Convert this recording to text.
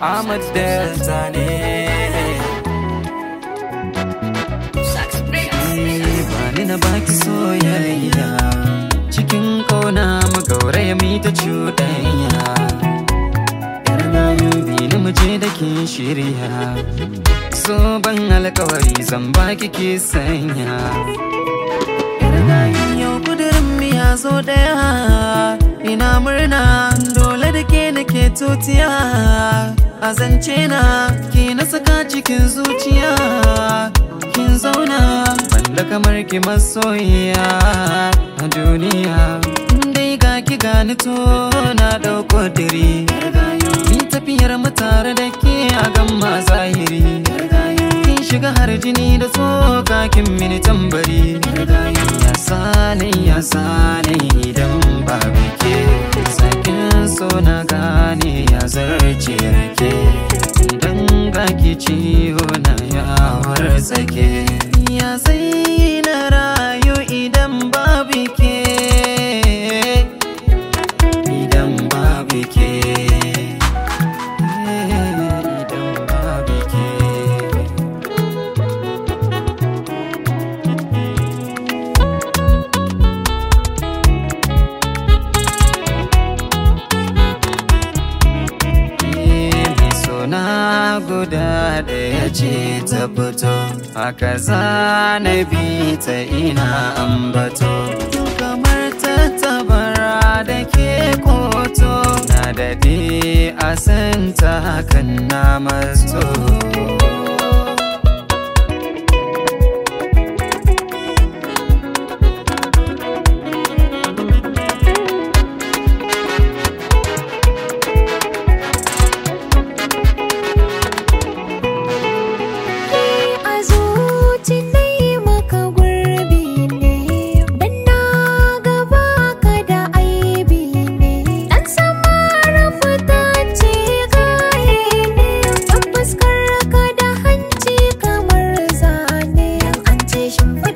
Ahmad Delta ne Bani na baki soyayya Cikin ƙauna magauraya mi ta cuɗanya Yar rayu na muje da ke shirya So ban alkawari zan baki ke sanya Yar rayu yau kudurin miya zo ɗaya Ina murna zuciya a zance na ki na saka cikin zuciya kin zauna wanda kamar ki masoyiya a duniya dai ga ki gani to na dauko diri ni tafiyar mu tare da ke a gamma zahiri kin shiga har jini da tsoka kin mini tambari ya sani ya sani idan babu ke sake na ya tsake ya tsaye da ya ce ta fito a kaza na bi ta ina ambato kamar ta tattabara da ke koto na dade a ta hakan na masto gleichen